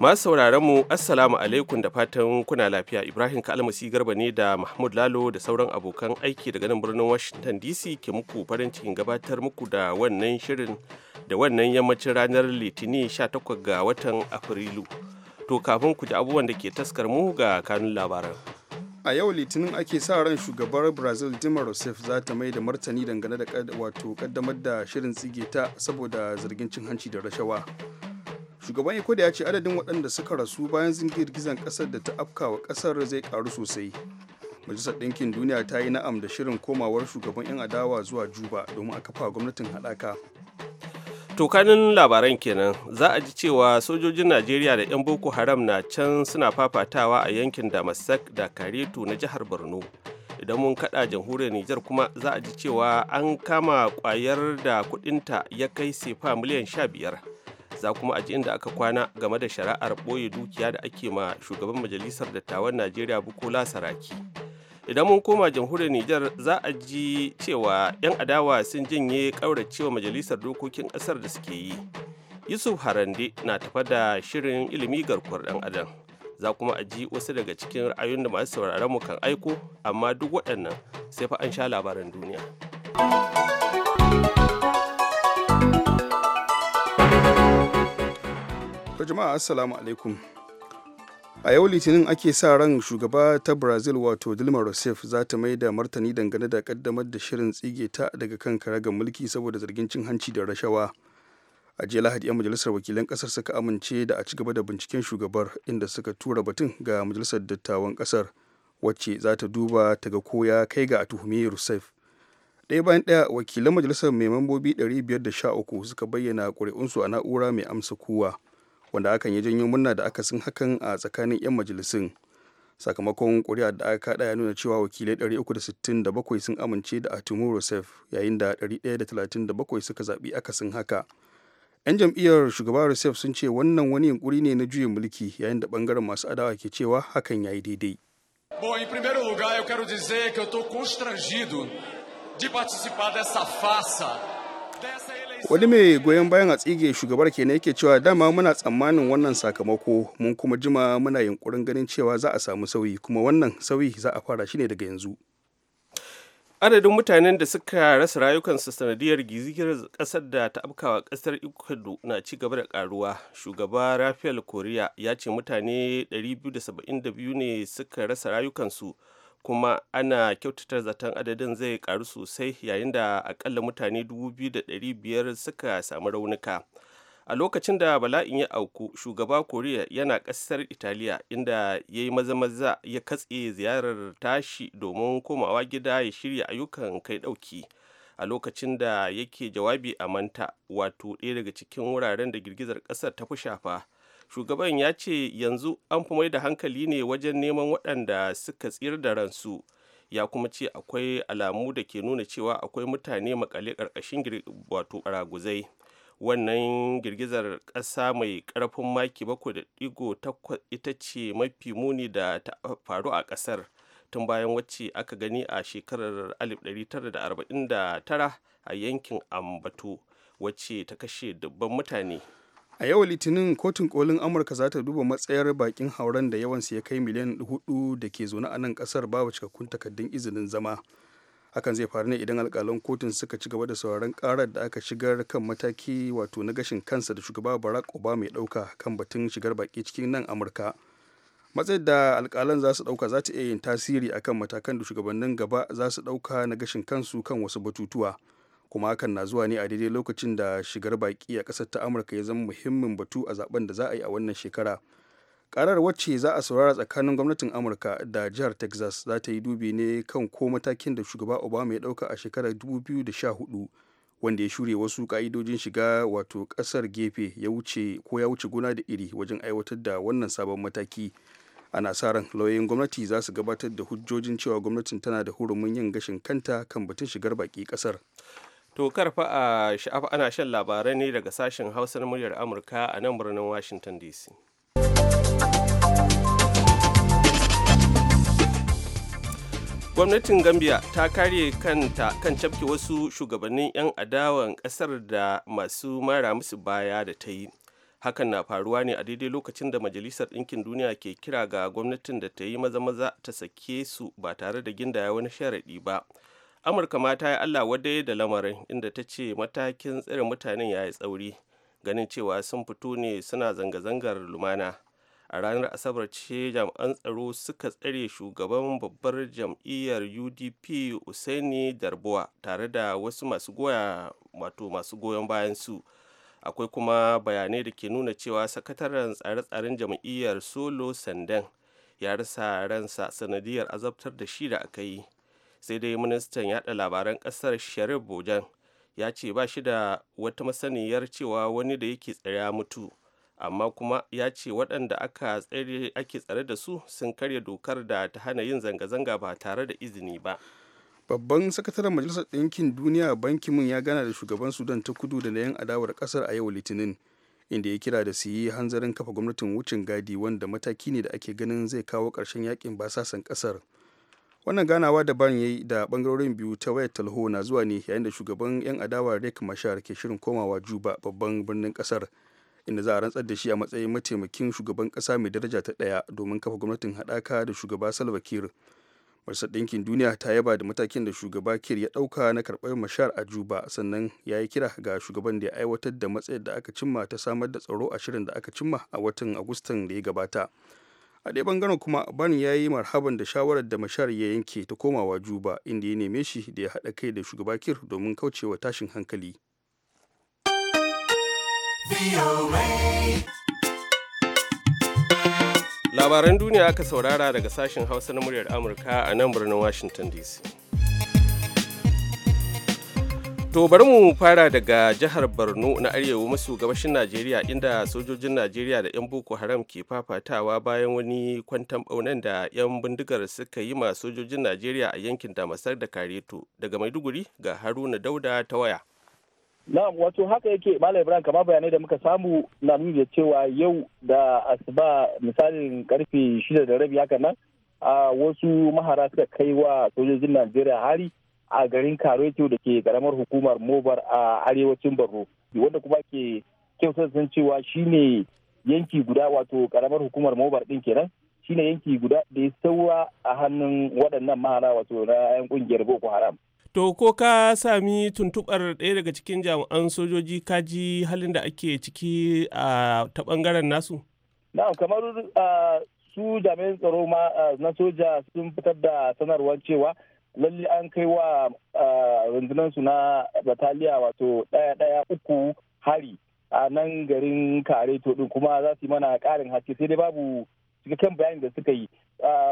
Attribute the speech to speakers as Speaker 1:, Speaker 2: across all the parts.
Speaker 1: masu sauraron mu assalamu alaikum da fatan kuna lafiya ibrahim kalmasi garba ne da mahmud lalo da sauran abokan aiki daga nan birnin washington dc ke muku farin cikin gabatar muku da wannan shirin da wannan yammacin ranar litinin 18 ga watan afrilu to kafin ku ji abubuwan da ke taskar mu ga kanun labaran
Speaker 2: a yau litinin ake sa ran shugabar brazil dima rousseff za ta mai da martani dangane da wato kaddamar da shirin tsige ta saboda zargin cin hanci da rashawa shugaban da ya ce adadin waɗanda suka rasu bayan girgizan ƙasar da ta afkawa ƙasar zai karu sosai majalisar ɗinkin duniya ta yi na'am da shirin komawar shugaban 'yan adawa zuwa juba domin a kafa gwamnatin haɗaka
Speaker 1: tokanin labaran kenan za a ji cewa sojojin najeriya da 'yan boko haram na can suna fafatawa a yankin damasak da karetu na jihar borno idan mun kada jamhuriyar nijar kuma za a ji cewa an kama kwayar da kudinta ya kai sefa miliyan 15 za kuma a ji inda aka kwana game da shari'ar ɓoye dukiya da ake ma shugaban majalisar dattawan najeriya bukola saraki idan mun koma jamhuriyar niger za a ji cewa 'yan adawa sun janye ƙauracewa majalisar dokokin ƙasar da suke yi yusuf harande na tafa da shirin ilimi garkuwar ɗan adam za kuma a ji wasu daga cikin ra'ayoyin da masu sauraron mu kan aiko amma duk waɗannan sai fa an sha labaran duniya.
Speaker 2: To jama'a assalamu alaikum. A yau litinin ake sa ran shugaba ta Brazil wato Dilma Rousseff za ta mai da martani dangane da kaddamar da shirin tsige ta daga kan karagar mulki saboda zargin cin hanci da rashawa. A jiya Lahadi 'yan majalisar wakilan kasar suka amince da a ci gaba da binciken shugabar inda suka tura batun ga majalisar dattawan kasar wacce za ta duba ta ga koya kai ga a tuhumi Rousseff. ɗaya bayan ɗaya wakilan majalisar mai mambobi 513 suka bayyana ƙuri'unsu a na'ura mai amsa kowa wanda hakan ya janyo murna da akasin hakan a tsakanin 'yan majalisun sakamakon kuri'a da aka kada ya nuna cewa wakilai 367 sun amince da atumu rousseff yayin da 137 suka zaɓi akasin haka 'yan jam'iyyar shugaba rousseff sun ce wannan wani yunkuri ne na juyin mulki yayin da bangaren masu adawa ke cewa hakan ya yi daidai
Speaker 1: Bom,
Speaker 3: em primeiro lugar, eu quero dizer que eu estou constrangido de participar dessa
Speaker 2: wani mai goyon bayan a tsige shugabar kenan yake cewa dama muna tsammanin wannan sakamako mun kuma jima muna yunkurin ganin cewa za a samu sauyi kuma wannan sauyi za a fara shi ne daga yanzu
Speaker 1: adadin mutanen da suka rasa rayukansu sanadiyar gizigiyar kasar da ta afkawa kasar ecuador na ci gaba da karuwa shugaba rafael korea ya ce mutane 272 ne suka rasa rayukansu kuma ana kyautata zaton adadin zai karu sosai yayin da akalla mutane 2,500 suka samu raunuka a lokacin da bala'in ya auku shugaba koriya yana ƙasar italiya inda ya yi maza-maza ya katse ziyarar tashi domin komawa gida ya shirya ayyukan kai ɗauki a lokacin da yake jawabi a manta wato ɗaya daga cikin wuraren da girgizar ƙasar ta fi shafa shugaban ya ce yanzu an fi mai da hankali ne wajen neman waɗanda suka tsir da ransu ya kuma ce akwai alamu da ke nuna cewa akwai mutane makale ƙarƙashin wato raguzai wannan girgizar ƙasa mai ƙarfin maki da takwas ita ce mafi muni da ta faru a ƙasar tun bayan wacce aka gani a shekarar 1949 a yankin ambato wacce ta kashe dubban mutane
Speaker 2: a yau litinin kotun kolin amurka za ta duba matsayar bakin hauren da yawansu ya kai miliyan hudu da ke zaune a nan kasar babu cikakkun takaddun izinin zama hakan zai faru ne idan alkalan kotun suka ci gaba da sauraron karar da aka shigar kan mataki wato na gashin kansa da shugaba barack obama ya dauka kan batun shigar baki cikin nan amurka matsayin da alkalan za su dauka za ta iya yin tasiri akan matakan da shugabannin gaba za su dauka na gashin kansu kan wasu batutuwa kuma hakan na zuwa ne a daidai lokacin da shigar baki a ƙasar ta amurka ya zama muhimmin batu a zaben da za a yi a wannan shekara karar wacce za a saurara tsakanin gwamnatin amurka da jihar texas za ta yi dubi ne kan ko matakin da shugaba obama ya ɗauka a shekarar 2014 wanda ya shure wasu ka'idojin shiga wato kasar gefe ya wuce ko ya wuce gona da iri wajen aiwatar da wannan sabon mataki ana sa ran lauyoyin gwamnati za su gabatar da hujjojin cewa gwamnatin tana da hurumin yin gashin kanta kan batun shigar baki ƙasar.
Speaker 1: To karfa a sha'afa ana shan labarai ne daga sashen Hausa na muryar Amurka a nan birnin Washington DC. Gwamnatin Gambia ta kare kanta kan cafke wasu shugabannin 'yan adawan ƙasar da masu mara musu baya da ta yi. Hakan na faruwa ne a daidai lokacin da Majalisar Ɗinkin Duniya ke kira ga gwamnatin da ta yi maza-maza ta sake su ba tare da gindaya wani sharaɗi ba. amurka ma ta yi allah wadai da lamarin inda ta ce matakin tsare mutanen ya yi tsauri ganin cewa sun fito ne suna zanga-zangar lumana a ranar asabar ce jami'an tsaro suka tsare shugaban babbar jam'iyyar udp usaini darboa tare da wasu masu goya wato masu goyon bayan su akwai kuma bayanai da ke nuna cewa sakataren tsare-tsaren jam'iyyar solo sandan ya rasa ransa sanadiyar azabtar da shi da aka yi sai dai ministan yada labaran kasar sharif bojan ya ce ba shi da wata masaniyar cewa wani da yake tsaya mutu amma kuma ya ce waɗanda aka tsare ake tsare da su sun karya dokar da ta hana yin zanga-zanga ba tare da izini ba
Speaker 2: babban sakataren majalisar ɗinkin duniya banki mun ya gana da shugaban sudan ta kudu da na yan adawar ƙasar a yau litinin inda ya kira da su yi hanzarin kafa gwamnatin wucin gadi wanda mataki ne da ake ganin zai kawo ƙarshen yakin basasan ƙasar wannan ganawa da ban yi da bangarorin biyu ta wayar talho na zuwa ne yayin da shugaban yan adawa rek mashar ke shirin komawa juba babban birnin kasar inda za a rantsar da shi a matsayin mataimakin shugaban kasa mai daraja ta daya domin kafa gwamnatin haɗaka da shugaba salva kiir majalisar ɗinkin duniya ta yaba da matakin da shugaba kir ya ɗauka na karɓar mashar a juba sannan ya yi kira ga shugaban da ya aiwatar da matsayar da aka cimma ta samar da tsaro a shirin da aka cimma a watan agustan da ya gabata a ɗaya bangaren kuma ban ya yi marhaban da shawarar da mashar ya yanke ta komawa juba inda ya neme shi da ya haɗa kai da shugaba kir domin kaucewa tashin hankali
Speaker 1: labaran duniya aka saurara daga sashen hausa na muryar amurka a nan birnin washington dc To bari mu fara daga jihar Borno na arewa maso gabashin Najeriya inda sojojin Najeriya da 'yan Boko Haram ke fafatawa bayan wani kwantan ɓaunan da 'yan bindigar suka yi ma sojojin Najeriya a yankin Damasar da Kareto daga Maiduguri ga Haruna Dauda ta waya.
Speaker 4: Na'am wato haka yake Malam Ibrahim kamar bayanai da muka samu na nuni da cewa yau da asuba misalin karfe shida da rabi haka nan a wasu mahara suka kai wa sojojin Najeriya hari a garin kareto da ke karamar hukumar mobar a arewacin barro wanda kuma ke kyau kyautar cewa shine yanki guda wato karamar hukumar mobar din kenan shine yanki guda da ya saura a hannun waɗannan mahara wato na 'yan kungiyar boko haram
Speaker 1: to ko ka sami tuntubar ɗaya daga cikin jami'an sojoji ka ji halin da ake ciki a ta ɓangaren nasu
Speaker 4: na'am kamar su jami'an tsaro ma na soja sun fitar da sanarwar cewa lalle an kai wa rundunansu na bataliya wato ɗaya ɗaya uku hari a nan garin kare to din kuma za su yi mana ƙarin haske sai dai babu cikakken bayani da suka yi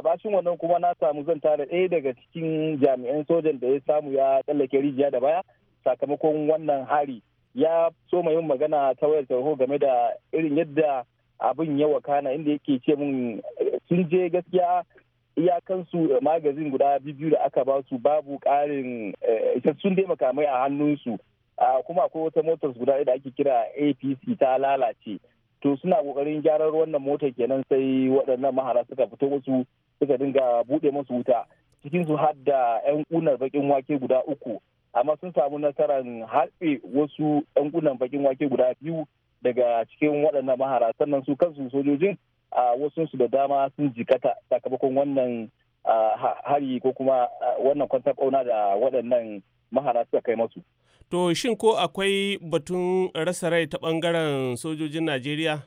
Speaker 4: bashin wannan kuma na samu zan da ɗaya daga cikin jami'an sojan da ya samu ya tsallake rijiya da baya sakamakon wannan hari ya so yin magana ta wayar tarho game da irin yadda abin ya wakana inda yake ce mun sun je gaskiya iyakansu eh, magazin guda biyu da aka ba su babu ƙarin eh, isassun dai makamai a hannunsu kuma akwai wata motar guda da ake kira apc ta lalace to suna kokarin gyarar wannan motar kenan sai waɗannan mahara suka fito wasu suka dinga buɗe masu wuta cikin su har da yan kunar bakin wake guda uku amma sun samu nasarar harbe wasu yan kunar bakin wake guda biyu daga cikin waɗannan mahara sannan su kansu sojojin wasu su da dama sun jikata sakamakon wannan hari ko kuma wannan kwantar ƙauna da waɗannan mahara suka kai masu.
Speaker 1: To shin ko akwai batun rasa rai ta ɓangaren sojojin Najeriya?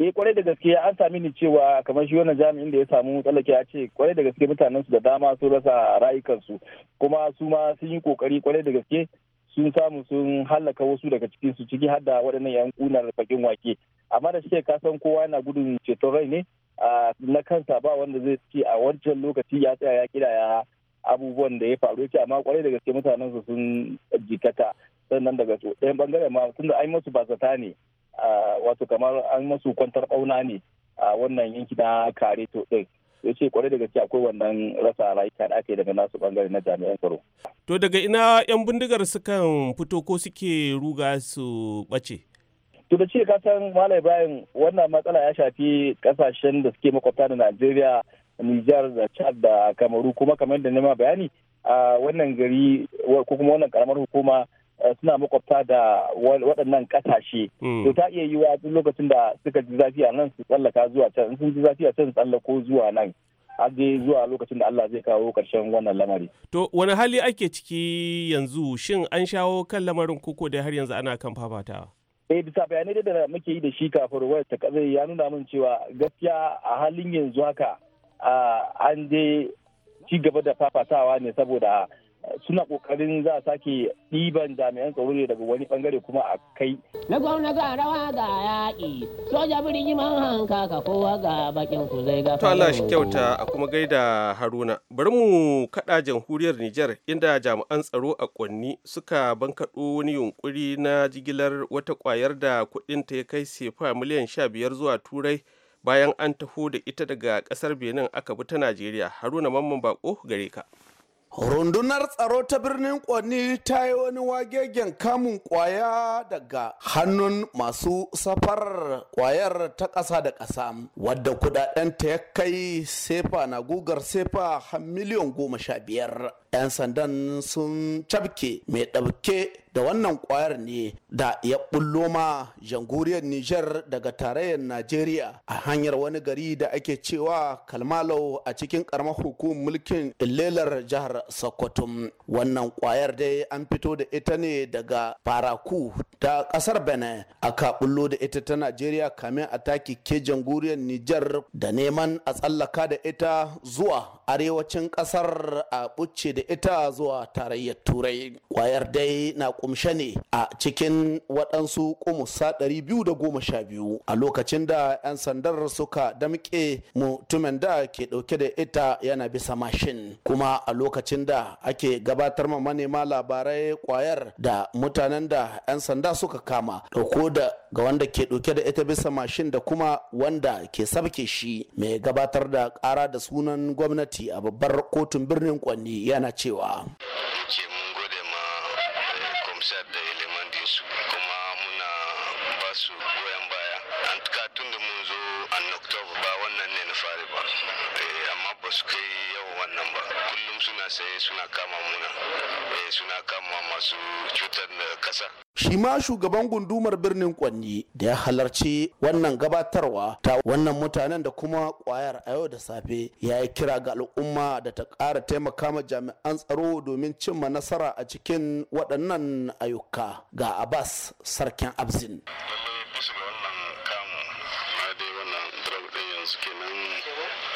Speaker 4: eh kwarai da gaske an sami ni cewa kamar shi wannan jami'in da ya samu tsallake ya ce kwarai da gaske mutanen su da dama sun rasa rayukansu kuma su ma sun yi kokari kwarai da gaske sun samu sun hallaka wasu daga cikin su ciki har waɗannan yan kunar bakin wake amma da shi ka san kowa yana gudun ceton rai ne na kansa ba wanda zai ce a wancan lokaci ya tsaya ya kidaya abubuwan da ya faru ya ce amma kwarai da gaske mutanen su sun jikata sannan daga su ɗayan bangare ma tunda an masu bazata ne wato kamar an masu kwantar ɓauna ne a wannan yanki na kare to ɗin ya ce kwarai da gaske akwai wannan rasa rayuka da aka yi daga nasu bangare na jami'an tsaro.
Speaker 1: to daga ina yan bindigar sukan fito ko suke ruga su ɓace. To da ce kasan malai bayan wannan
Speaker 4: matsala ya shafi kasashen da suke makwabta da Najeriya, Nijar da Chad da Kamaru kuma kamar da nema bayani a wannan gari ko kuma wannan karamar hukuma suna makwabta da waɗannan kasashe. Hmm. To ta iya yiwa duk lokacin da suka ji zafi a nan su tsallaka zuwa can, sun ji zafi a can su tsallako zuwa nan. a zuwa lokacin da Allah zai kawo ƙarshen wannan lamari.
Speaker 1: To wani hali ake ciki yanzu shin an shawo kan lamarin koko da har yanzu ana kan fafatawa?
Speaker 4: eh bisa bayanai da muke yi da shi kafin wayar ta kaza ya nuna min cewa gaskiya a halin yanzu haka ah, an je ci gaba da fafatawa ne saboda suna kokarin za a sake ɗiban jami'an
Speaker 5: tsaro
Speaker 1: ne daga wani bangare kuma a kai.
Speaker 5: Na gwamna ga rawa ga yaƙi, soja birni man hanka ka kowa ga bakin ku zai ga. To Allah shi kyauta
Speaker 1: a kuma gaida Haruna. Bari mu kaɗa jamhuriyar Nijar inda jami'an tsaro a Kwanni suka bankaɗo wani yunƙuri na jigilar wata ƙwayar da kuɗin ta ya kai sefa miliyan sha biyar zuwa Turai bayan an taho da ita daga ƙasar Benin aka bi ta Najeriya. Haruna Mamman Bako gare ka.
Speaker 3: Rundunar tsaro ta birnin Kwani ta yi wani wagegen kamun kwaya daga hannun masu safar kwayar ta ƙasa da ƙasa wadda ta ya kai sefa na gugar sefa har miliyan goma sha biyar. 'yan sandan sun cabke mai ɗauke da wannan kwayar ne da ya bullo ma janguriyar Nijar daga tarayyar Najeriya a hanyar wani gari da ake cewa kalmalo a cikin ƙaramar hukumar mulkin ilelar jihar Sokoto. Wannan kwayar dai an fito da ita ne daga Faraku ta ƙasar Benin aka bullo da ita ta Najeriya kamin a taki ke janguriyar Nijar da neman a tsallaka da ita zuwa arewacin ƙasar a bucce da ita zuwa tarayyar turai kwayar dai na kumshe ne a cikin waɗansu kumusa 212 a lokacin da 'yan sandar suka damƙe mutumin da ke ɗauke da ita yana bisa mashin kuma a lokacin da ake gabatar ma manema labarai kwayar da mutanen da 'yan sanda suka kama ɗauko da ga wanda ke ɗauke da ita bisa mashin da kuma wanda ke sabke shi mai gabatar da ƙara da sunan gwamnati a babbar kotun birnin kwanni yana yana cewa ce mun gode ma komisar da ilimin su kuma muna basu su goyon baya an tun da mun zo an october ba wannan ne na fari ba eh, amma ba su kai yawan wannan ba kullum suna sai suna kama muna eh, suna kama masu cutar da kasa shi ma shugaban gundumar birnin kwanni da ya halarci wannan gabatarwa ta wannan mutanen da kuma kwayar a yau da safe ya yi kira ga al'umma da ta ƙara taimaka ma jami'an tsaro domin cimma nasara a cikin waɗannan ayyuka ga abbas sarkin abzin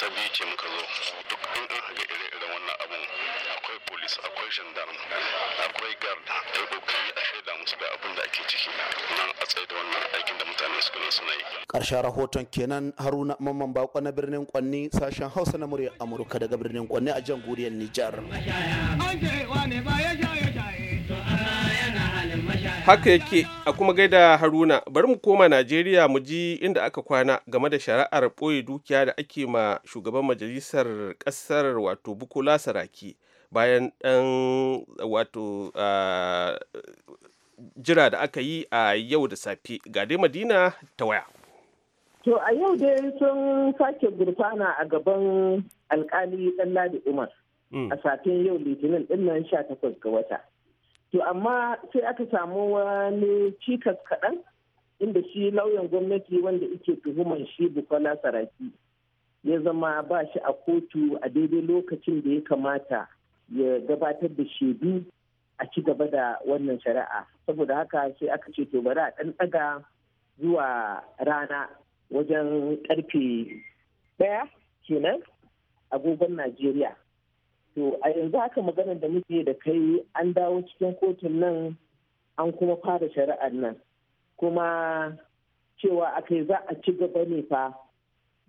Speaker 3: ta biyu ce muka zo duk in haɗe ire-iren wannan abun polis akwai gendarme akwai garda kokari a shaida musu da abin da ake ciki nan a tsaye da wannan aikin da mutane suka nan suna yi karshen rahoton kenan haruna mamman bako na birnin kwanni sashen hausa na murya amurka daga birnin kwanni a
Speaker 1: guriyar nijar haka yake a kuma gaida haruna bari mu koma najeriya mu ji inda aka kwana game da shari'ar ɓoye dukiya da ake ma shugaban majalisar ƙasar wato bukola saraki bayan ɗan wato jira da aka yi a yau da safe ga dai madina ta waya to
Speaker 6: a yau dai sun sake gurfana a gaban alkali ɗanladi umar hmm. a satin yau litinin ɗin nan sha takwas ga wata to amma sai aka samu wani cikas kaɗan inda shi lauyan gwamnati wanda ike tuhuman shi bukola saraki ya zama ba shi a kotu a daidai lokacin da ya kamata ya gabatar da shaidu a ci gaba da wannan shari'a saboda haka sai aka ce to bari a ɗan ɗaga zuwa rana wajen ƙarfe ɗaya kenan agogon najeriya to a yanzu haka maganar da muke da kai an dawo cikin kotun nan an kuma fara shari'ar nan kuma cewa akai za a ci gaba ne fa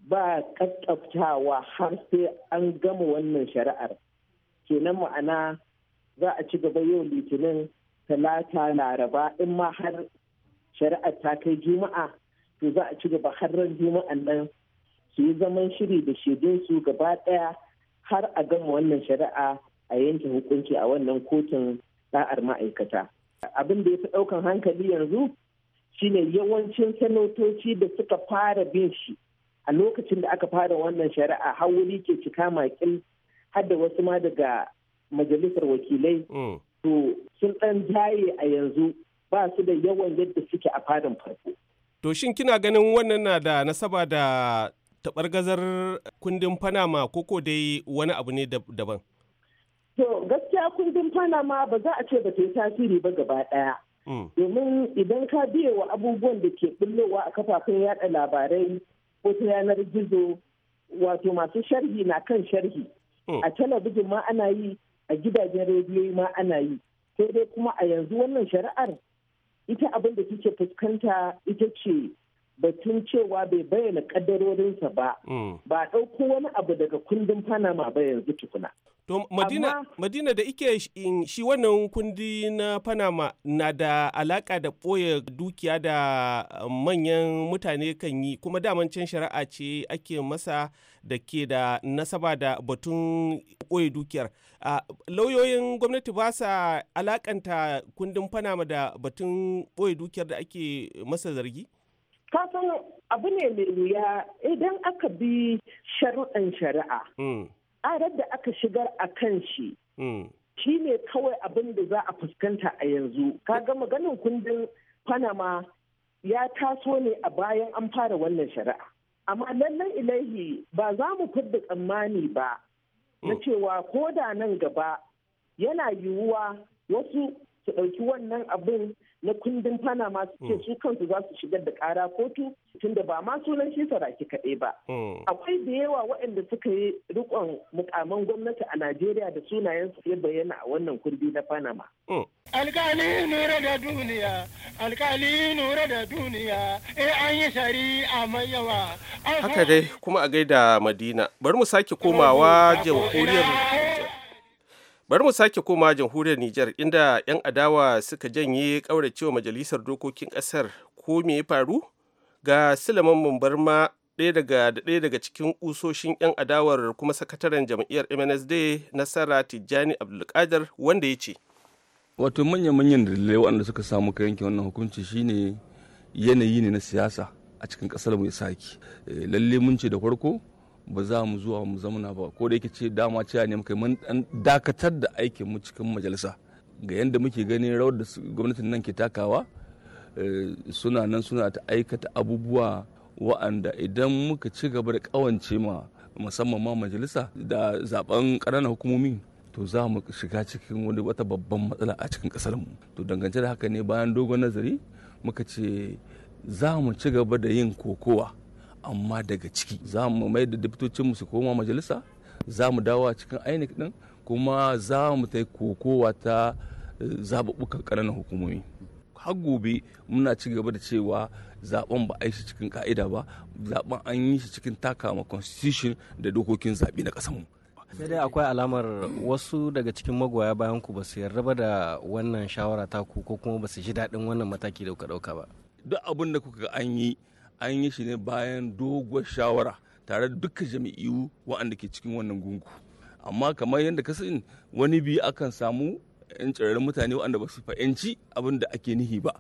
Speaker 6: ba ƙaƙƙaftawa har sai an gama wannan shari'ar kenan ma'ana za a ci gaba yau litinin talata laraba in ma har shari'ar ta kai juma'a to za a ci gaba har ran juma'an nan su yi zaman shiri da shaidun su gaba daya har a gama wannan shari'a a yanke hukunci a wannan kotun da'ar ma'aikata abin da ya fi ɗaukan hankali yanzu shine yawancin sanatoci da suka fara bin shi a lokacin da aka fara wannan shari'a har ke cika makil Hadda wasu ma daga majalisar wakilai mm. to sun ɗan jaye a yanzu ba su da yawan yadda suke a fadin farko.
Speaker 1: To shin kina ganin wannan na da nasaba da taɓargazar kundin Panama koko dai wani abu ne daban?
Speaker 6: To gaskiya kundin Panama ba za a ce ba ta yi tasiri ba gaba ɗaya. Mm. Domin idan ka biye wa abubuwan da ke bullowa a kafafen yaɗa labarai ko ta yanar gizo wato masu sharhi na kan sharhi. Oh. a talabijin ma ana yi a gidajen rediyo ma ana yi sai dai kuma a yanzu wannan shari'ar ita abin da take fuskanta ita ce batun cewa bai bayyana kaddarorinsa ba mm. ba ɗauko wani abu daga kundin panama ba yanzu tukuna
Speaker 1: To Madina, Madina da ike shi wannan kundi na Panama na da alaka da ɓoye dukiya da eh, manyan mutane kan yi kuma daman can shari'a ce ake masa da ke da nasaba da batun ɓoye dukiyar. Lauyoyin gwamnati ba sa alakanta kundin Panama da batun ɓoye dukiyar da ake masa zargi?
Speaker 6: Kasan abu ne mai wuya idan aka bi shari'an shari'a. Hmm. ƙarar da aka shigar a kan shi hmm. shi ne kawai abin da za a fuskanta a yanzu Ka kaga maganin kundin panama ya taso ne a bayan an fara wannan shari'a amma lallan ilahi ba za mu fidda tsammani ba na hmm. cewa ko da nan gaba yana yiwuwa wasu su ɗauki wannan abin na kundin Panama su ce hmm. su kansu za su shigar da kara kotu tunda ba ma sunan shi saraki kaɗai ba. Hmm. Akwai da yawa waɗanda suka yi rikon mukaman gwamnati a Najeriya da sunayen su ya bayyana a wannan kurbi na Panama.
Speaker 1: Hmm.
Speaker 4: Alkali nura da duniya, alkali nura da duniya, eh an yi shari'a mai yawa.
Speaker 7: Haka
Speaker 1: dai kuma a gaida Madina, bari mu sake komawa jamhuriyar eh, bari mu sake koma jamhuriyar nijar inda 'yan adawa suka janye kauracewa majalisar dokokin kasar ko me ya faru ga silaman mumbarma ɗaya daga ɗaya daga cikin usoshin 'yan adawar kuma sakataren jam'iyyar mnsd nasara tijjani abdulkadir wanda ya ce
Speaker 7: wato manya-manyan dalilai waɗanda suka samu ka yanke wannan hukunci shine yanayi ne na siyasa a cikin ƙasar mu ya saki eh, lalle mun ce da farko ba za mu zuwa mu zamana ba ko da yake ce dama ce ne muka mun dakatar da aikin mu cikin majalisa ga yanda muke ganin rawar da gwamnatin nan ke takawa eh, suna nan suna ta aikata abubuwa wa'anda idan muka ci gaba da kawance ma musamman ma majalisa da zaben ƙananan hukumomi to za mu shiga cikin wani wata babban matsala a cikin kasar mu to dangance da haka ne bayan dogon nazari muka ce za mu ci gaba da yin kokowa amma daga ciki za mu mai da mu su koma majalisa za mu dawa cikin inec din kuma za mu ta kokowa ta eh, zaɓuɓɓukan ƙananan hukumomi har gobe muna ci gaba da cewa zaben ba a yi shi cikin ka'ida ba zaben an yi shi cikin takama constitution da dokokin zaɓe na mu.
Speaker 8: sai dai akwai alamar wasu daga cikin magoya bayan ku ba su yarda ba da wannan shawara ta ku ko kuma ba su ji daɗin wannan mataki da kuka ɗauka ba
Speaker 7: duk abin da kuka an yi an yi shi ne bayan doguwar shawara tare da dukkan jami'u waɗanda ke cikin wannan gungu amma kamar yadda ka sani wani biyu akan samu 'yan tsirarin mutane waɗanda ba su fahimci abin da ake nihi ba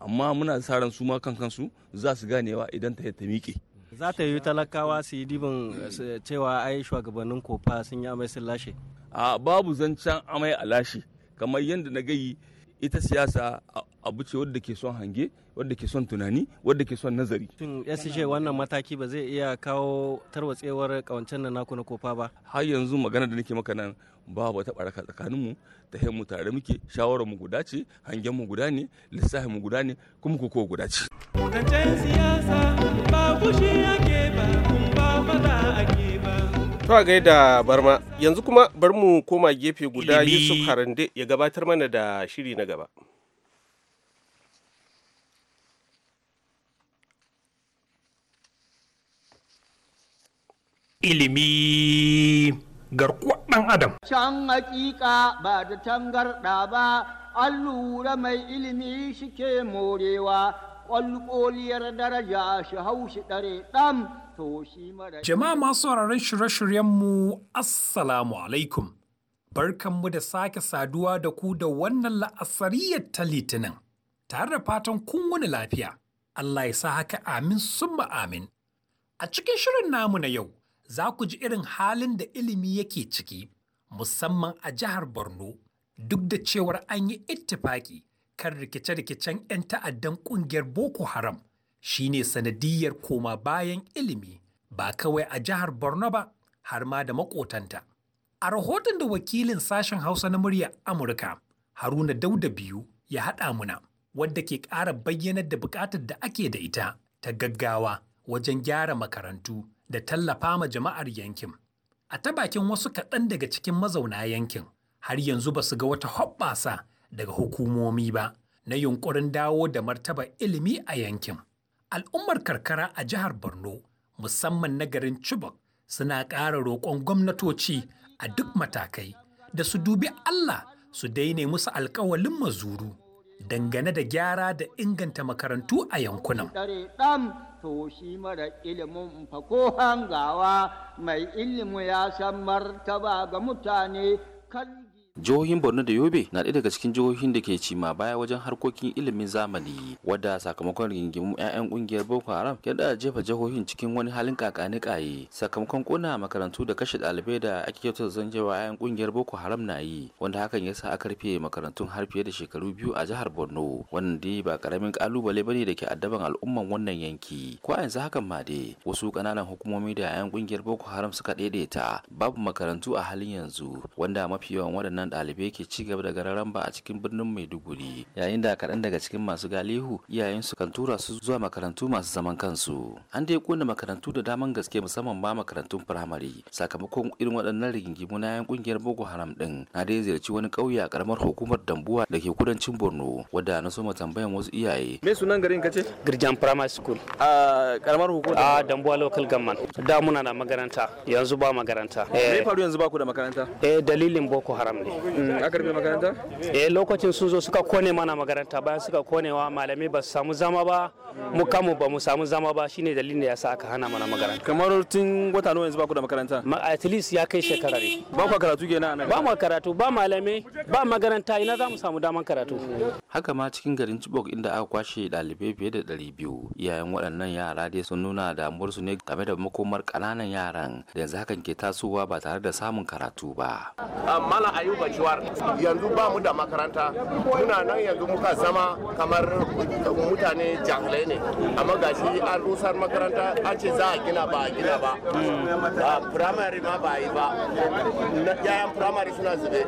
Speaker 7: amma muna sa ran su ma kan kansu za su ganewa idan ta ta miƙe
Speaker 8: za ta yi talakawa su yi dibin eh, cewa ai shugabannin kofa sun yi amai sun lashe
Speaker 7: a babu zancen amai a lashe kamar yadda na gayi ita siyasa abu ce wadda ke son hange wadda ke son tunani wadda ke son nazari.
Speaker 8: Shin SJ wannan mataki ba zai iya kawo tarwatsewar kawancen nan naku na kofa ba?
Speaker 7: Har yanzu magana da nake maka nan ba wata baraka tsakaninmu ta mu tare muke shawarar mu guda ce hangen mu guda ne
Speaker 1: lissafin mu guda ne kuma koko guda ce.
Speaker 9: Zancen siyasa ba fushi ake ba kun ba fada
Speaker 1: ake ba. To a gaida barma yanzu kuma bar mu koma gefe guda Yusuf Harande ya gabatar mana da shiri na gaba.
Speaker 9: ilimi garkuwar ɗan adam.
Speaker 8: Can hakika ba da tangarɗa ba, an lura mai ilimi shike morewa, ƙwalƙoliyar daraja shi haushi ɗare ɗan
Speaker 9: to shi mara. Jama'a masu wararen shirye-shiryenmu, Assalamu alaikum. Barkanmu da sake saduwa da ku da wannan la'asariyar ta litinin, tare da fatan kun wani lafiya. Allah ya sa haka amin summa amin. A cikin shirin namu na yau, za ku ji irin halin da ilimi yake ciki, musamman a jihar Borno, duk da cewar an yi ittifaki kan rikice-rikicen 'yan ta'addan ƙungiyar Boko Haram shi ne sanadiyar koma bayan ilimi ba kawai a jihar Borno ba har ma da makotanta. A rahoton da wakilin sashen Hausa na murya Amurka, Haruna Dauda biyu ya haɗa muna, wadda ke ƙara bayyanar da buƙatar da ake da ita ta gaggawa wajen gyara makarantu da tallafa ma jama'ar yankin. A ta bakin wasu kaɗan daga cikin mazauna yankin, har yanzu ba su ga wata hoɓɓasa daga hukumomi ba na yunƙurin dawo da martaba ilimi a yankin. Al'ummar karkara a jihar Borno, musamman na garin Chibok, suna ƙara roƙon gwamnatoci a duk matakai da su dubi Allah su daina musu alƙawalin mazuru dangane da gyara da inganta makarantu a yankunan.
Speaker 8: to shi mara ilimin fa ko hangawa mai ilimi ya san martaba ga mutane kallon jihohin borno da yobe na ɗaya daga cikin jihohin da ke cima baya wajen harkokin ilimin zamani wadda sakamakon rigingimu 'ya'yan ƙungiyar boko haram ya da jefa jihohin cikin wani halin kakani kaye sakamakon kona makarantu da kashe ɗalibai da ake kyautar zanjewa 'ya'yan ƙungiyar boko haram na yi wanda hakan ya sa a karfe makarantun har fiye da shekaru biyu a jihar borno wannan dai ba karamin kalubale ne da ke addaban al'umman wannan yanki ko a yanzu hakan ma dai wasu ƙananan hukumomi da 'ya'yan ƙungiyar boko haram suka ɗaiɗaita babu makarantu a halin yanzu wanda mafi yawan waɗannan nan ɗalibai ke ci gaba da ba a cikin birnin maiduguri yayin da kaɗan daga cikin masu galihu iyayensu kan tura su zuwa makarantu masu zaman kansu an dai kona makarantu da daman gaske musamman ba makarantun firamare sakamakon irin waɗannan rigingimu na yan kungiyar boko haram ɗin na dai ziyarci wani ƙauye a ƙaramar hukumar dambuwa da ke kudancin borno wadda na soma tambayan wasu iyaye me sunan garin kace girjan primary school a ƙaramar hukumar a dambuwa local government da muna na makaranta yanzu ba makaranta me eh. faru yanzu ba ku da makaranta eh dalilin boko haram ne Mm, aka makaranta eh lokacin sun zo suka kone mana makaranta bayan suka konewa malamai ba su samu zama ba mu kamu ba mu samu zama ba shine dalilin da yasa aka hana mana makaranta kamar tun wata nawa yanzu ba ku da makaranta at least ya kai shekara ne ba ku karatu kenan ba mu karatu ba malamai ba makaranta ina za mu samu daman karatu haka ma cikin garin Chibok inda aka kwashe dalibai fiye da 200 iyayen waɗannan yara dai sun nuna su ne game da makomar ƙananan yaran da yanzu hakan ke tasowa ba tare da samun karatu ba
Speaker 3: malam ayuba kwanciwar yanzu ba mu da makaranta muna nan yanzu muka zama kamar mutane jahilai ne amma gashi an rusar makaranta an ce za a gina ba a gina ba a firamare ma ba yi ba yayan firamare suna zube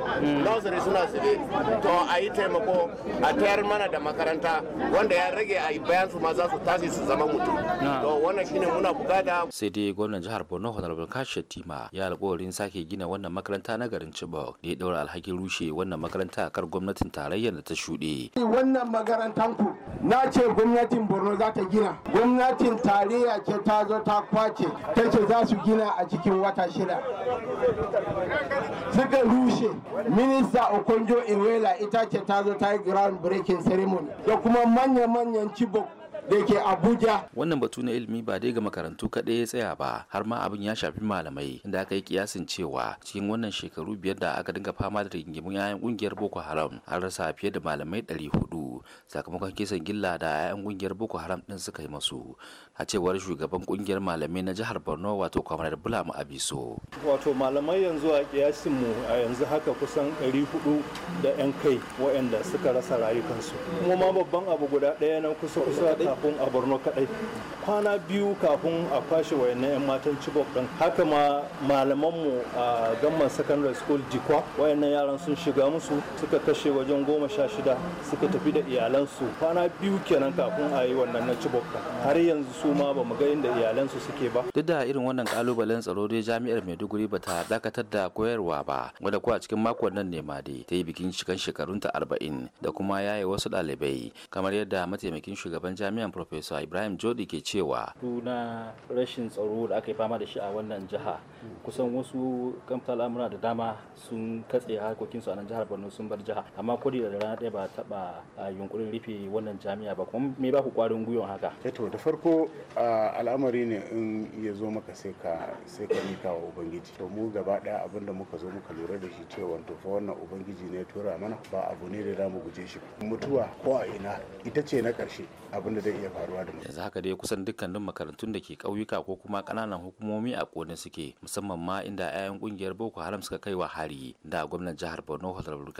Speaker 3: nursery suna zube to a yi taimako a tayar mana da makaranta wanda ya rage a bayan su ma za su tashi su zama mutum to wannan shine muna bukata
Speaker 8: sai dai gwamnan jihar borno honorable kashi tima ya alkawarin sake gina wannan makaranta na garin chibok da ya daura alhakin rushe wannan makaranta a kar gwamnatin tarayyar da ta shuɗe.
Speaker 1: Wannan makarantan ku na ce gwamnatin Borno za ta gina. Gwamnatin tarayya ce ta zo ta kwace ta ce za su gina a cikin wata shida. Suka
Speaker 3: rushe minista Okonjo iwela ita ce ta zo ta yi ground breaking ceremony da kuma manya-manyan cibok da ke Abuja.
Speaker 8: Wannan batu na ilimi ba dai ga makarantu kaɗai ya tsaya ba har ma abin ya shafi malamai inda aka yi kiyasin cewa cikin wannan shekaru biyar da aka dinga fama da rigingimun 'ya'yan ƙungiyar Boko Haram an rasa fiye da malamai ɗari hudu sakamakon kisan gilla da 'ya'yan ƙungiyar Boko Haram ɗin suka yi masu a cewar shugaban kungiyar malamai na jihar borno wato kwamar bulama abiso
Speaker 2: wato malamai yanzu a kiyasin a yanzu haka kusan 400 da yan kai waɗanda suka rasa rayukansu kuma ma babban abu guda ɗaya na kusa kusa kafin a borno kaɗai kwana biyu kafin a kwashe wayannan yan matan cibok ɗin haka ma malamanmu a gamman secondary school jikwa wayannan yaran sun shiga musu suka kashe wajen goma sha shida suka tafi da iyalansu kwana biyu kenan kafin a yi wannan na cibok har yanzu su ma ba mu ga inda iyalansu suke ba
Speaker 8: duk da irin wannan kalubalen tsaro dai jami'ar maiduguri ba ta dakatar da koyarwa ba wanda ko a cikin makon nan ne ma dai ta yi bikin cikan ta arba'in da kuma yaye wasu ɗalibai kamar yadda mataimakin shugaban jami'an professor ibrahim jodi ke cewa na rashin tsaro da aka yi fama da shi a wannan jiha kusan wasu kamta al'amura da dama sun katse harkokinsu a nan jihar borno sun bar jiha amma ko da rana ɗaya ba taɓa yunkurin rufe wannan jami'a ba kuma me ba ku kwarin gwiwan haka eh to da farko al'amari ne in
Speaker 3: ya zo maka sai ka sai ka mika wa ubangiji to mu gaba daya abin da muka zo muka lura da shi cewa to fa wannan ubangiji ne ya tura mana ba abu ne da za mu guje shi mutuwa ko a ina ita ce na karshe abin da zai iya faruwa da mu
Speaker 8: yanzu haka dai kusan dukkanin makarantun da ke ƙauyuka ko kuma ƙananan hukumomi a kone suke musamman ma inda 'ya'yan kungiyar boko haram suka kai wa hari da gwamnan jihar borno honorable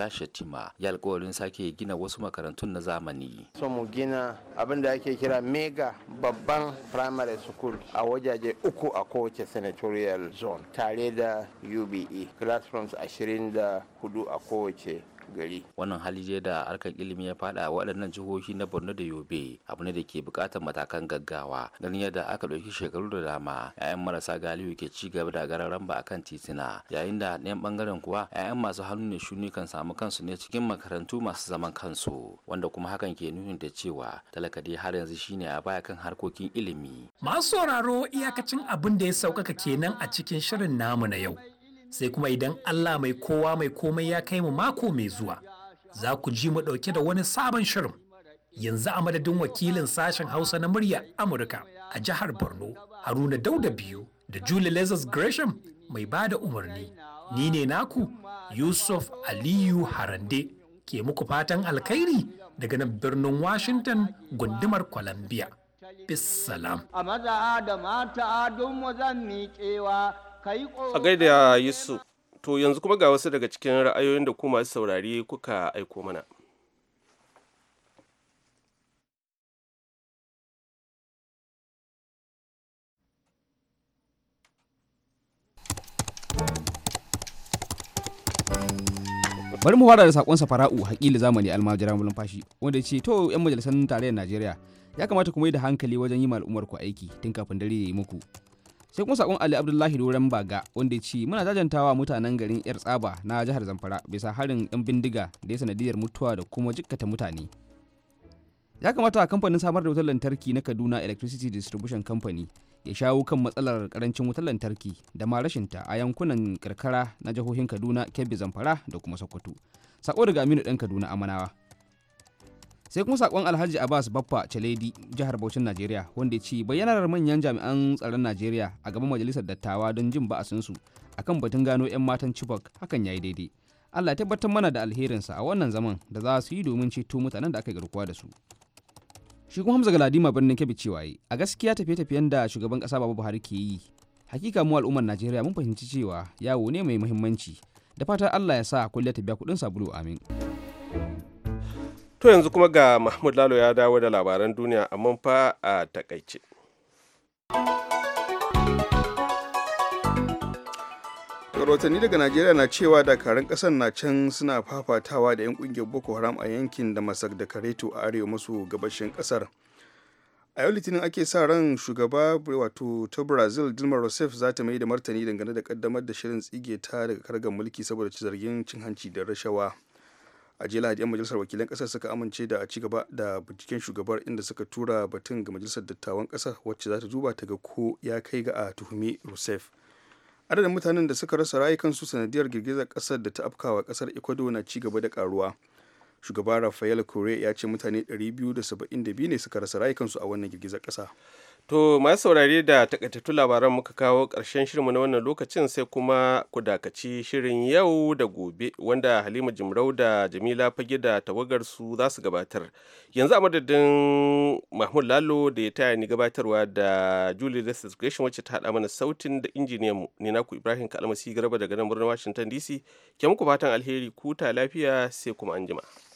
Speaker 8: ya alkawarin sake gina wasu makarantun na zamani
Speaker 1: so mu gina abin da ake kira mega
Speaker 3: babban yan primary school a wajaje uku a kowace senatorial zone tare da ube classrooms 24 a kowace gari
Speaker 8: wannan hali da harkar ilimi ya fada waɗannan jihohi na borno da yobe abu ne da ke buƙatar matakan gaggawa ganin yadda aka ɗauki shekaru da dama 'ya'yan marasa galihu ke ci gaba da gararan ba akan titina yayin da 'yan ɓangaren kuwa 'ya'yan masu hannu ne shuni kan samu kansu ne cikin makarantu masu zaman kansu wanda kuma hakan ke nuni da cewa talaka dai har yanzu shine a baya kan harkokin ilimi
Speaker 9: masu sauraro iyakacin abin da ya sauƙaƙa kenan a cikin shirin namu na yau sai kuma idan Allah mai kowa mai komai ya kai mu mako mai zuwa za ku ji mu ɗauke da wani sabon shirin yanzu a madadin wakilin sashen hausa na murya amurka a jihar borno haruna dauda biyu da julie lazarus gresham mai ba da umarni ni ne naku yusuf aliyu harande ke muku fatan alkhairi daga nan birnin washington gundumar columbia Bissalam.
Speaker 5: a maza da mata mu zan a
Speaker 1: gaida su to yanzu kuma ga wasu daga cikin ra'ayoyin da ku masu saurari kuka aiko mana
Speaker 5: bari mu fara da sakon safara'u hakili zamani almajira mulun fashi wanda ce to yan majalisar tarayyar najeriya ya kamata ku mai da hankali wajen yi al'ummar ku aiki tun kafin dare ya yi muku sai kuma sakon ali abdullahi doren baga wanda ya ce muna jajantawa mutanen garin yar tsaba na jihar zamfara bisa harin yan bindiga da ya sanadiyar mutuwa da kuma jikkata mutane ya kamata kamfanin samar da wutar lantarki na kaduna electricity distribution company ya shawo kan matsalar karancin wutar lantarki da ma rashinta a yankunan karkara na jihohin kaduna kebbi zamfara da kuma sokoto sako daga aminu dan kaduna amanawa sai kuma sakon alhaji abbas baffa chaledi jihar bauchin najeriya wanda ya ce bayyanar manyan jami'an tsaron najeriya a gaban majalisar dattawa don jin ba'asinsu akan batun gano 'yan matan chibok hakan ya yi daidai allah ya tabbatar mana da alherinsa a wannan zaman da za su yi domin ceto mutanen da aka garkuwa da su shi kuma hamza galadima birnin kebbi cewa a gaskiya tafiye-tafiyen da shugaban kasa baba buhari ke yi hakika mu al'ummar najeriya mun fahimci cewa yawo ne mai muhimmanci da fatan allah ya sa kulle ta biya kuɗin sabulu amin
Speaker 1: To yanzu kuma ga Mahmud Lalo ya dawo da labaran duniya a manfa a takaice.
Speaker 2: rahotanni daga najeriya na cewa dakarun kasar na can suna fafatawa da 'yan kungiyar boko haram a yankin da masak da kareto a arewa maso gabashin kasar a yau litinin ake sa ran shugaba wato ta brazil dilma rousseff za ta mai da martani dangane da kaddamar da shirin tsige ta daga kargar mulki saboda zargin cin hanci da rashawa a jiya lahadi majalisar wakilan kasar suka amince da a ci gaba da binciken shugabar inda suka tura batun ga majalisar dattawan kasar wacce za ta duba ta ga ko ya kai ga a tuhumi rusef adadin mutanen da suka rasa rayukansu sanadiyar girgizar kasar da ta afkawa kasar ecuador na ci gaba da karuwa shugaba rafael kore ya ce mutane 272 ne suka rasa rayukansu a wannan girgizar kasa To masu saurare da takaitattun
Speaker 1: labaran muka kawo ƙarshen shirinmu na wannan lokacin sai kuma ku dakaci shirin yau da gobe wanda Halima Jimrau da Jamila Fage da tawagarsu za su gabatar. Yanzu a madadin Mahmud Lalo da ya taya ni gabatarwa da Julie Lester's Gresham wacce ta haɗa mana sautin da injiniyan mu ne naku Ibrahim Kalmasi Garba daga nan birnin Washington DC. Ke muku fatan alheri kuta lafiya sai kuma anjima.